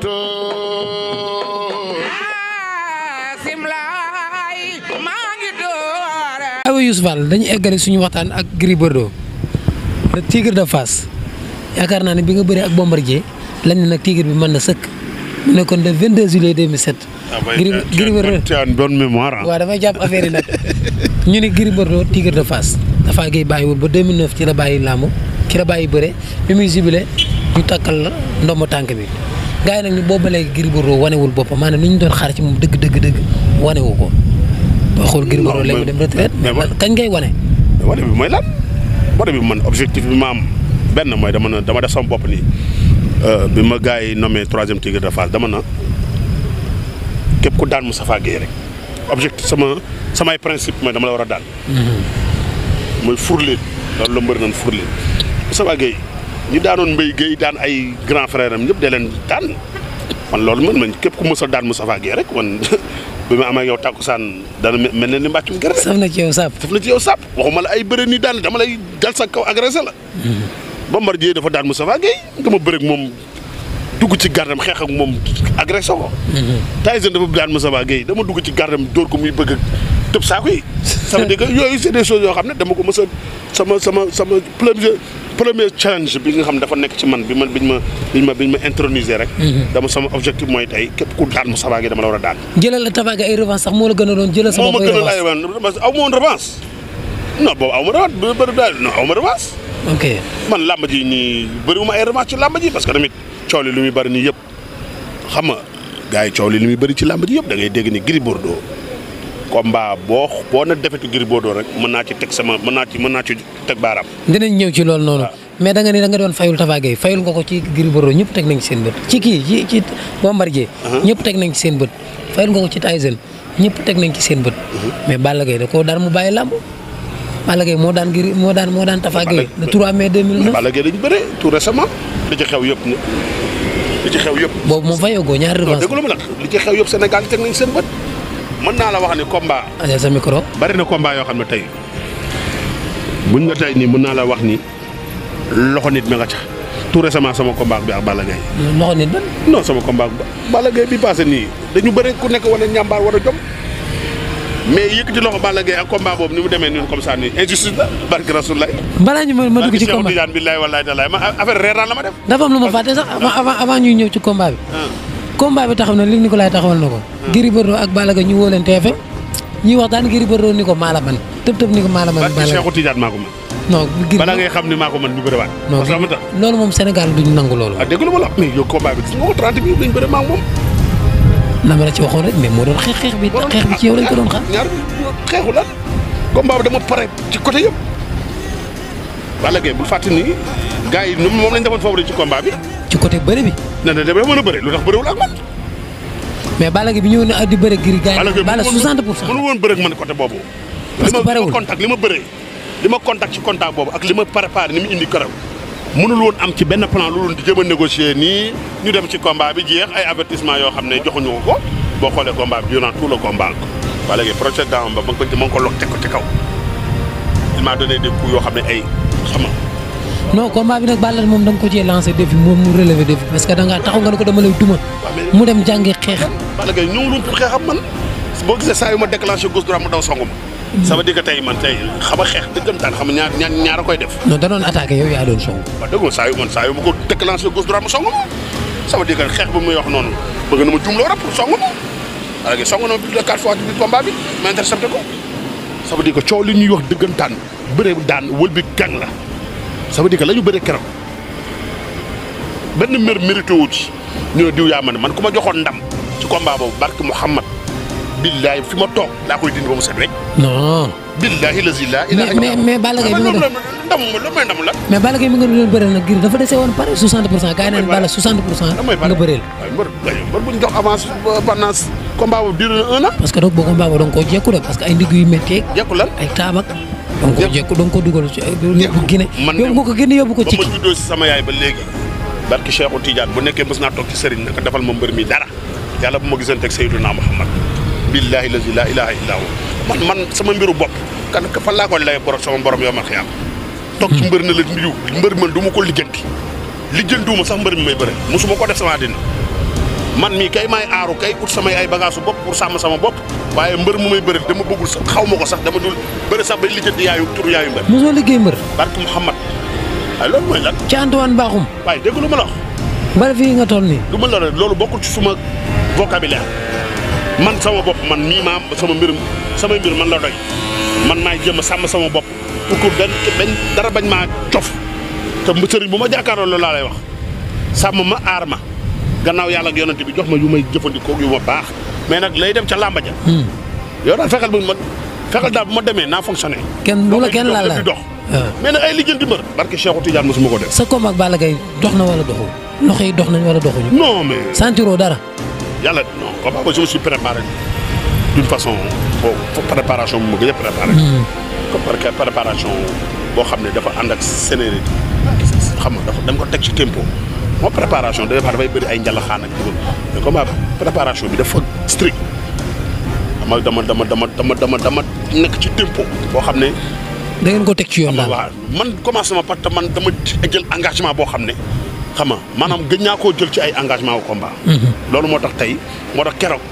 Awa ah, Youssou Fall dañu eggale suñu waxtaan ak Gris Bordeaux le tigre de Fass yaakaar naa ne bi nga bëree ak Bombardier lañ ne nag tigre bi mën na sëkk mu ne kon le 22 juillet 2007. Ah, Gris euh, Gris Bordeaux tu as une jàpp affaire yi nag ñu ne Gris Bordeaux tigre de fas dafa gay bàyyiwul ba 2009 ci la bàyyi làmb ci la bàyyi bëre bi muy jubilé ñu takkal ndomb tànk bi. gars yi nag ñu boobu ba léegi Gris Bordeaux wanewul boppam maanaam ni ñu doon xaar ci moom dëgg dëgg dëgg wanewu ko. boo xool Gris Bordeaux léegi mu dem retraite kañ ngay wane. wane bi mooy lan wane bi man objectif bi ma am benn mooy dama dama def sama bopp nii euh, bi ma gars yi nommé troisième tigre de Fass dama na képp ku daan Moustapha Guèye rek objectif sama samay principe mooy dama la war a daan. mooy mhm. furli loolu la mbëri naan furli Moustapha Guèye ñu daanoon Mbaye Guèye daan ay grand frère am ñëpp leen daan man loolu man man képp ku mos a daan Moustapha Guèye rek man bi ma amee yow tàkkusaan dana mel ne ni mbàccum gerte. saf na ci yow sàpp saf na ci yow sàpp waxuma la ay bëre nii daan dama lay dal sa kaw agressé la. Mm-hmm. Bombardier dafa daan Moustapha Guèye dama bëreeg moom dugg ci gardam xeex ak moom agressé ko. Mm-hmm. Tyson dafa daan Moustapha Guèye dama dugg ci gardam dóor ko muy bëgg tëb saako yi. ça veut dire que yooyu c'est des choses yoo xam ne dama ko mos a sama sama sama premier challenge bi nga xam dafa nekk ci man bi ma biñ ma biñ ma ma introniser rek. Mhm. dama sama objectif mooy tey képp ku daan Moussa Gueye dama la war a daan. jëlal la Tapha Gueye ay revanche sax moo la gën a doon jëlal sama. moo ma gënal ay revanche aw ma woon revanche non boobu aw ma revanche bu aw ma revanche. ok man làmb ji nii bëriwuma ay revanche ci làmb parce que tamit coow li lu muy bari nii yëpp xam nga gars yi coow li lu muy bëri ci làmb ji yëpp da ngay dégg ni Gris Bordeaux combat boo boo na defetu Gris Bordeaux rek mën naa ci teg sama mën naa ci teg baaraam. dinañ ñëw ci loolu noonu. Ah. mais da nga ni da nga doon fayul Tapha fayul nga ci Gris Bordeaux teg nañ ci seen bët ci kii ci ci Bombardier. Ah. teg nañ ci seen bët. fayul nga ci Tyson ñëpp teg nañ ci seen bët. Mm-hmm. mais Balla da koo daan mu bàyyi làmb. Balla moo daan Gris moo daan moo daan Tapha Gueye. le 3 mai 2009 Balla Gaye dañu li ci xew yëpp boobu moom fayoo ko ñaari revanche. li ci xew yëpp Sénégal mën naa la wax ni combat. sa micro. bari na combat yoo xam ne tey buñ la tey nii mën naa la wax ni loxo nit mi nga ca tout récemment sama combat bi ak Balla Gaye. loxo nit ba non sama combat ak Balla Gaye bi passé nii dañu bëri ku nekk wane ñàmbaar war a jom mais yëkkati loxo Balla Gaye ak combat boobu ni mu demee noonu comme ça nii injustice la barki Rasulullah. balaa ñu ma dugg ci combat barki Cheikh Tidiane billahi ma affaire reer la ma def. dafa lu ma fàtte sax avant ñuy ñëw ci combat combat bi taxaw na Luc Nicolaï taxawal na ko. Hmm. Gris Bordeaux ak Balla Gaye ñu woo leen teefe ñuy waxtaan Gris Bordeaux ni ko maala man tëb tëb ni ko maala man. Balla Gaye Cheikhou ngay xam ni maa ko man ñu bëriwaat. non loolu moom Sénégal duñ nangu loolu. ah dégg lu ma la mais yow combat bi gis nga ko 30 moom. ma la ci waxoon rek mais moo doon xeex xeex bi xeex bi ci yow lañ ko doon xaar. ñaar xeexu lan combat bi dama pare ci côté yëpp. Balla Gaye bul fàttali ni gars yi moom lañ defoon foofu ci combat bi. ci côté bëri bi na da demee mën a bëri lu tax bëriwul ak man. mais Balla Gaye bi ñëwoon na ah di bëri Gris Gagné. Balla 60 pour cent mënu woon bëri ak man côté boobu. parce que bëriwul li ma contact li ma bëree. ci contact boobu ak li ma préparé ni mu indi karaw mënul woon am ci benn plan loolu di jëm a négocier nii ñu dem ci combat bi jeex ay avertissement yoo xam ne joxuñu ko ko boo xoolee combat bi durant tout le combat ba léegi projet daaw ba ma ko ma ko log teg ko ci kaw il m'a donné de coups yoo xam ne ay xam non combat bi nag Balla moom da nga ko cee lancé défi moom mu relevé défi parce que da ngaa nga ne ko dama lay duma. mu dem jàngi xeex. Balla mu daw songu ma. sama tey man tey xam a xeex dëggantaan xam ñaar ñaar ñaar koy def. non da doon attaqué yow yaa doon ma ko déclenché gauche droite mu songu ma sama digg xeex bi muy wax noonu bëgg na ma jumloo rek pour songu ma songu na ma plus fois ci biir combat bi ma intercepté ko sama digg coow li ñuy wax dëggantaan bëre daan wël bi la ça veut la ñu bëri keroo benn mbir mérité wu ci diw yaa ma man ku ma joxoon ndam ci combat boobu barke Mouhamad billahi fi ma toog laa koy dindi ba mu set rek. non. billahi lazi laa ilaaha illa. mais mais Balla Gaye nga doon ndam loolu mooy la. mais dese woon pare 60 pour cent. gaa naan Balla 60 nga bëreel. waaye mbër bu ñu jox avance pendant combat boobu diir na un parce que donc boo combat boobu da nga koo jékku rek parce que ay ndigg yu méttee. jékku lan ay taabak. donc jékku da ko dugal ci euh, yóbbu Guinée yóbbu nga ko Guinée yóbbu ko ci ba ma juddoo si sama yaay ba léegi barki Cheikhou Tidiane bu nekkee mës naa toog ci sëriñ naka defal ma mbër mi dara yàlla bu ma gisante ak Seydina Muhammad billahi lazi la ilaha illa hu man man sama mbiru bopp kan fan laa ko lay sama mborom yow ma xiyam toog ci mbër na la mbiru mbër man du ma ko lijjanti lijjantiwuma sax mbër mi may bëre musuma ko def sama àddina man mii kay maay aaru kay ut samay ay bagage su bopp pour sàmm sama bopp waaye mbër mu may bëri dama bëggul sax xaw ma ko sax dama dul bëri sax bay lijjanti yaayu turu yaayu mbër. mosoo liggéey mbër. barke Mouhamad waaye loolu mooy lan. ci Antoine waaye dégg lu ma la wax. mbër fii nga toll nii. lu ma la loolu bokkul ci suma vocabulaire man sama bopp man mii maam sama mbirum samay mbir man la doy man maay jëm a sàmm sama bopp pour que benn benn dara bañ maa cof te sëriñ bu ma jàkkaarloo loolu laa lay wax sàmm ma aar ma gannaaw yàlla ak yonante bi jox ma yu may jëfandikoo yu ma baax mais nag lay dem ca làmba ja hmm. yow daal fexeel bu ma fexeel daal bu ma demee naa fonctionné kenn bu la kenn laal la dox ah. mais nag ay lijjanti mbër barke Cheikhou Tidiane mosuma ko def sa koom ak Balla Gaye dox na wala doxul loxo yi dox nañ wala doxuñu non mais sentiroo dara yàlla non combat ba je me suis préparé d'une façon boobu préparation bu ma gën a préparé hmm. préparation boo xam ne dafa ànd ak sénérité ah, xam nga dafa dañ ko teg ci tempo moo préparation da dafay bëri ay njalaxaan ak dugal mais préparation bi dafa strict dama dama dama dama dama dama dama nekk ci tempo boo xam ne. dangeen ngeen ko teg ci yoon daal waaw man commencement parce que man dama jël engagement boo xam ne xam nga maanaam gëj naa koo jël ci ay engagement wu combat. Mhm. loolu moo tax tey moo tax keroog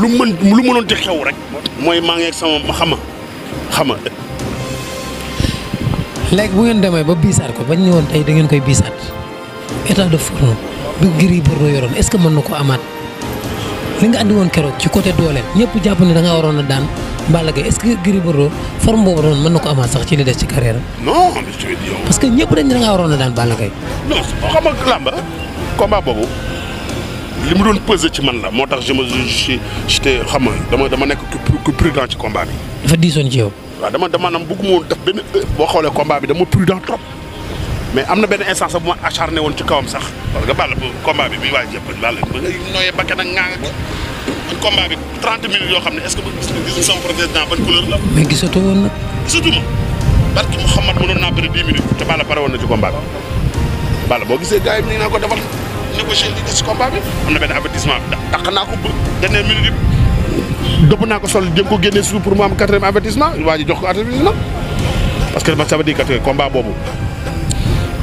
lu mën lu mënoon di xew rek. mooy maa ngi ak sama ma xama xama léegi bu ngeen demee ba biisaat ko bañ ñëwoon tey da ngeen koy biisaat. état de forme bi Gris Bordeaux yoroon est-ce que mën na ko amaat li nga andi woon keroog ci côté dooleel ñëpp jàpp ne da waroon a daan Balla Gaye est-ce que Gris Bordeaux forme boobu noonu mën na ko amaat sax ci li des ci carrière am. non je te dis parce que ñëpp dañ ne waroon na daan Balla Gaye. non xam nga làmba combat boobu li mu doon pesé ci man la moo tax je me je j'étais xam nga dama dama nekk ku prudent ci combat bi. dafa diisoon ci yow. waaw boo xoolee combat bi dama prudent trop. mais am na benn instance bu ma acharné woon ci kawam sax parce que Balla bu combat bi bi waay jëpp Balla ba ngay nooyee bakkan bi 30 minutes yoo xam ne est-ce que gis nga sama président ban gisatu woon nag. gisatu ma barki Mouhamad mënoon naa bëri 10 minutes te Balla pare woon na ci combat bi Balla boo gisee gars yi ñu ngi ko defal négocier li des ci combat bi am na benn avertissement dàq naa ko ba dernière minute yëpp dëpp naa ko sol jëm ko génnee suuf pour mu am quatrième avertissement waa ji jox que man ça veut dire que boobu.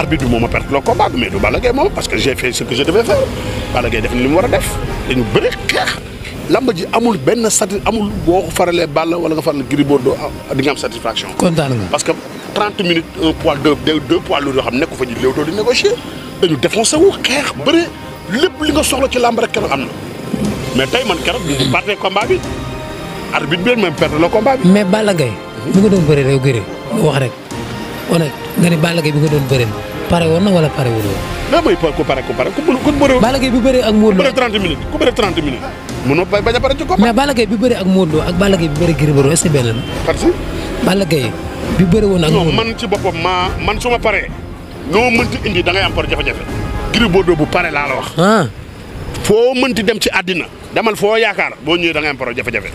arbitre bi moo parce que j'ai li mu a def dañu bëri amul benn sati amul boo ko faralee Balla wala nga faral Gris Bordeaux ah, di nga am satisfaction. kontaan nga parce que 30 minutes un poids deux deux poids lourds yoo xam nekku fa ji léewtoo di négocier dañu défoncé xeex bëri lépp li nga soxla ci làmb rek keroog am na mais tey man keroog. di partee combat bi arbitre bi même perte le combat bi. mais Balla Gaye. bu ko doon bëree rek gërëm wax rek honnête. nga ne Balla Gaye bi nga doon bëreel pare woon na wala pare wul woon. mais mooy ku pare ku pare ku bëre. Balla Gaye bu bëree ak Modou Lo ku bëree 30 minutes ku bëree 30 minutes. mënoo bañ a pare ci combat. mais Balla Gaye bi bëree ak Modou Lo ak Balla Gaye bi bëree Gris Bordeaux est-ce que benn la. parce que. Balla Gaye bi bëri woon ak. non man ci boppam maa man su ma paree. noo mënti indi da ngay am par jafe-jafe. Gris Bordeaux bu pare laa la wax. Ah. foo mënti dem ci àddina. demal foo yaakaar boo ñëwee da ngay am par jafe-jafe.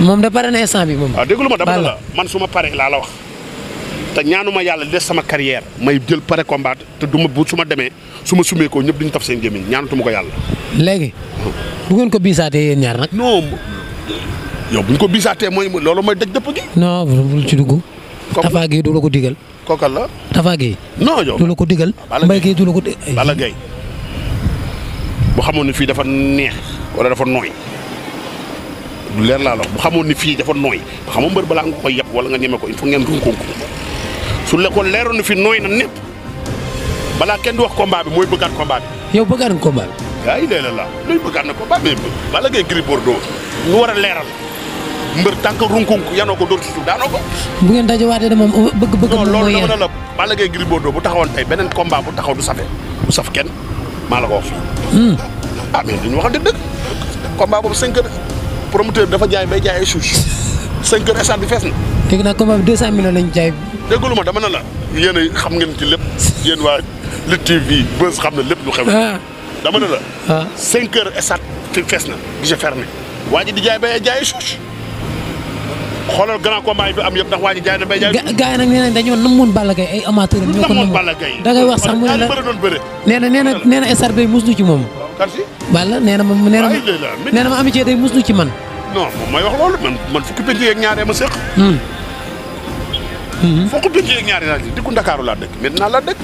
moom da pare na instant bi moom. waaw ah, déglu ma dama la man su ma paree laa la wax te ñaanuma yàlla des sama carrière may jël pare combat te du ma bu su ma demee su ma sumee ko ñëpp duñu taf seen gémmiñ ñaanatuma ko yàlla. léegi. bu ngeen ko biisaatee yéen ñaar nag. non ko biisaatee mooy loolu mooy daj dëpp gi. non ci dugg. Tapha Gueye du ko digal. kookal la Tapha Gueye. non yow du la ko digal. Mbaye Gueye du la ko di. Balla Gaye bu xamoon ne fii dafa neex wala dafa nooy. lu leer laa la bu xamoon ne fii dafa nooy xam nga mbër balaa nga koy yeb wala nga ñeme ko il faut ngeen ruŋ ko su la ko leeroon fi nooy na népp balaa kenn di wax combat bi mooy bëggaat combat bi. yow bëggaat nga combat bi. yaa ngi lay la la luy bëggaat na combat bi bala ngay Gris Bordeaux ñu war a leeral mbër tànk runkunk yanoo ko dóor ci suuf daanoo ko. bu ngeen uh, bëgg bëgg. non loolu dama ne la bu taxawoon tey beneen combat bu taxaw du safee du saf kenn la ko hmm. ah, ñu wax dëgg dëgg combat boobu cinq promoteur dafa jaay bay jaay ay suuf. cinq heures bi fees na. léegi na combat bi deux cent millions jaay. déglu ma dama ne la yéen xam ngeen ci lépp yéen waa Lutte TV Buzz xam na lépp lu xew. Ah. dama ne la. waaw ah. cinq heures stade fi fees na guichet fermé. waa ji di jaay bay jaay suuf xoolal grand combat yi fi am na bay jaay. nag nee nañ dañoo namoon Balla Gaye ay amateurs ñoo ko namoon Balla Gaye da ngay wax sax mu ne la nee na nee na nee na stade bi muslu ci moom. kan si. nee na ma nee na ma amitié day muslu ci man. non moom may wax loolu man man fukki penc yeeg ñaaree ma sëq. Hmm. Hmm. fukki penc yeeg ñaaree laa dëkk dikku Ndakaaru laa dëkk maintenant laa dëkk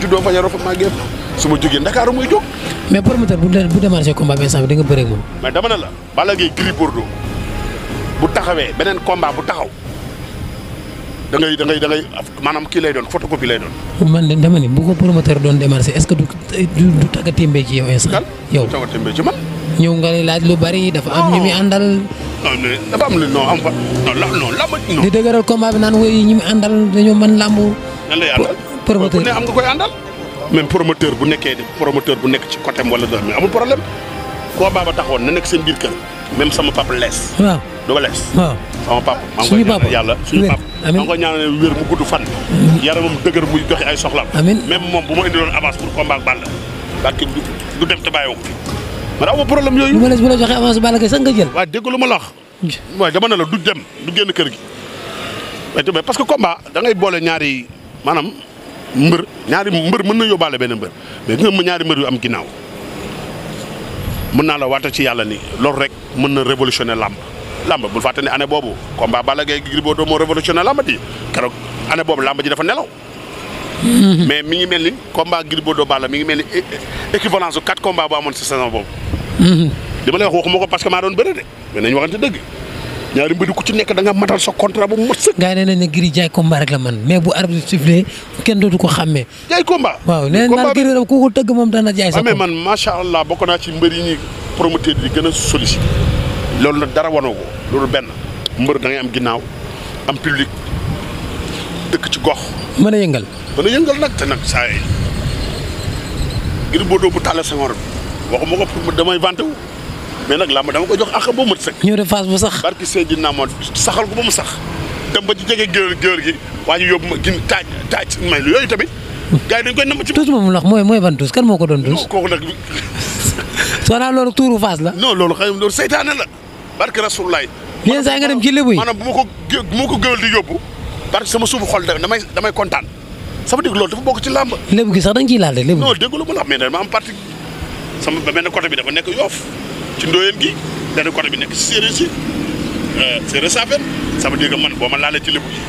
juddoo fa fa màggee fa su ma jógee Ndakaaru muy jóg. mais promoteur bu bu démarché combat bi instant bi da nga bëree moom. ma dama la Balla Gaye Gris Bordeaux bu taxawee beneen combat bu taxaw da ngay da ngay da ngay maanaam kii lay doon photocopie lay doon. man de dama ni bu ko promoteur doon démarché est du du du taggatémbee ci yow instant. yow ñëw nga laaj lu bari dafa am ñu oh. muy àndal. non ah, mais dafa am lu non am fa la di dëgëral combat bi naan wéy ñi mu àndal dañoo mën làmb. nan lay promoteur bu ne am nga koy àndal. même promoteur bu nekkee promoteur bu nekk ci côté wala doon mais amul problème. combat ba taxoon na nekk seen biir kër. même sama papa lees. waaw du ko lees. waaw sama papa. suñu papa yàlla suñu papa. amiin maa ngi koy ñaanal wér mu gudd fan. yaram yaramam dëgër muy joxe ay soxlaam. amiin même moom bu ma indiloon avance pour combat ak Balla. parce que du dem te bàyyiwoo ko man aw ma problème yooyu. bu ma la bu la joxee avance Balla nga jël. waaw dégg la du dem du génn kër gi. mais parce que combat da ngay boole ñaari maanaam mbër ñaari mbër mën na yóbbaale benn mbër mais nga ma ñaari mbër yu am ginnaaw mën naa la waata ci yàlla ni loolu rek mën na révolutionner làmb làmb bul fàtte ne année boobu combat Balla Gaye Gris Bordeaux moo révolutionner làmb ji keroog année boobu làmb ji dafa nelaw. Mhm. mais mi ngi mel ni combat Gris Bordeaux Balla mi ngi mel ni équivalence su quatre combat amoon si saison boobu. Mm-hmm. li ma lay wax waxuma ko parce que maa doon bëre de mais nañu waxante dëgg ñaari mbëri ku ci nekk danga nga matal sa contrat bu mot sëkk. gars yi nee nañ Gris jaay combat rek la man mais bu kenn dootu ko xàmmee. jaay combat waaw nee naa Gris ku ko tëgg jaay sa. Ah, man macha allah bokk naa ci mbër yi ñuy promoteur di gën a sollicité loolu nag dara wanoo ko loolu benn mbër da am ginnaaw am public dëkk ci gox. mën a yëngal. mën a yëngal nag te nag saa yi Gris Bordeaux bu tàlle sa ngor bi waxuma ko pour damay vanté wu mais nag làmb dama ko jox ak ba mu sëkk. de face bu sax. barki Seydina Mohamed saxal ko ba sax dem jege géwél gi waa ñu yóbbu ma gin taaj taaj may lu yooyu tamit. gars yi dañ koy namm ci. tuus mooy mooy ban tuus kan moo ko doon tuus. kooku nag. soo naan loolu tuuru face la. non loolu xëy na loolu seytaane la barki Rasulullaay. yenn saa nga dem ci yi maanaam bu ma ko bu di yóbbu parce que sama suufu xol damay damay kontaan sama dégg loolu dafa bokk ci làmb. lébu gi sax sama benn côté bi dafa nekk yoof ci ndóoyeen gi benn bi nekk si séeréer si séeréer saafeen sama di ka man boo ma laalee ci lébu gi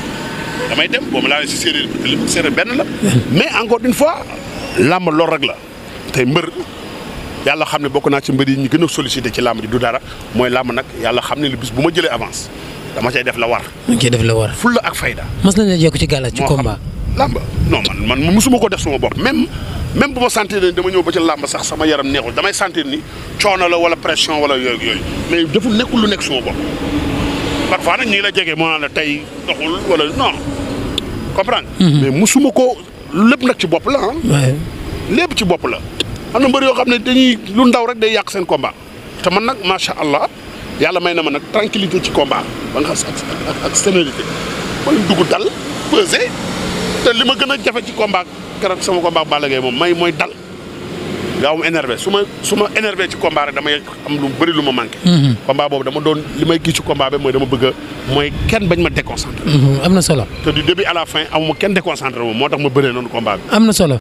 damay dem boo ma laalee si séeréer benn la mais encore une fois làmb lool rek la te mbër yàlla xam ne bokk naa ci mbër yi ñu gën a sollicité ci làmb ji du dara mooy làmb yàlla xam ne li bis bu ma jëlee avance dama cay def la war. dama cay def la war. fulla ak fayda. mas nañ la jokk ci gàlla ci combat. làmb non man mu musuma ko def suma bopp même même bu ma sentir ne dama ñëw ba ci làmb sax sama yaram neexul damay sentir nii coono la wala pression wala yooyu yooyu mais deful nekkul lu nekk sama bopp parfois nag ñii la jege moo naan la tey doxul wala non comprendre mhm. mais musuma ko lépp nag ci bopp la ah. lépp ci bopp la am na mbër yoo xam ne dañuy lu ndaw rek day yàq seen combat te man nag macha allah yàlla may na ma nag tranquillité ci combat ba nga xam ak ak te li ma gën a jafe ci combat keroog sama combat Balla Gaye moom may mooy dal gaaw ma énervé su ma su ma énervé ci combat rek damay am lu bëri lu ma manqué. Mhm. combat boobu dama doon li may gis ci combat bi mooy dama bëgg mooy kenn bañ ma déconcentré. Mhm. am na solo. te du début à la fin amuma kenn déconcentré moom moo tax ma bëree noonu combat bi. am na solo.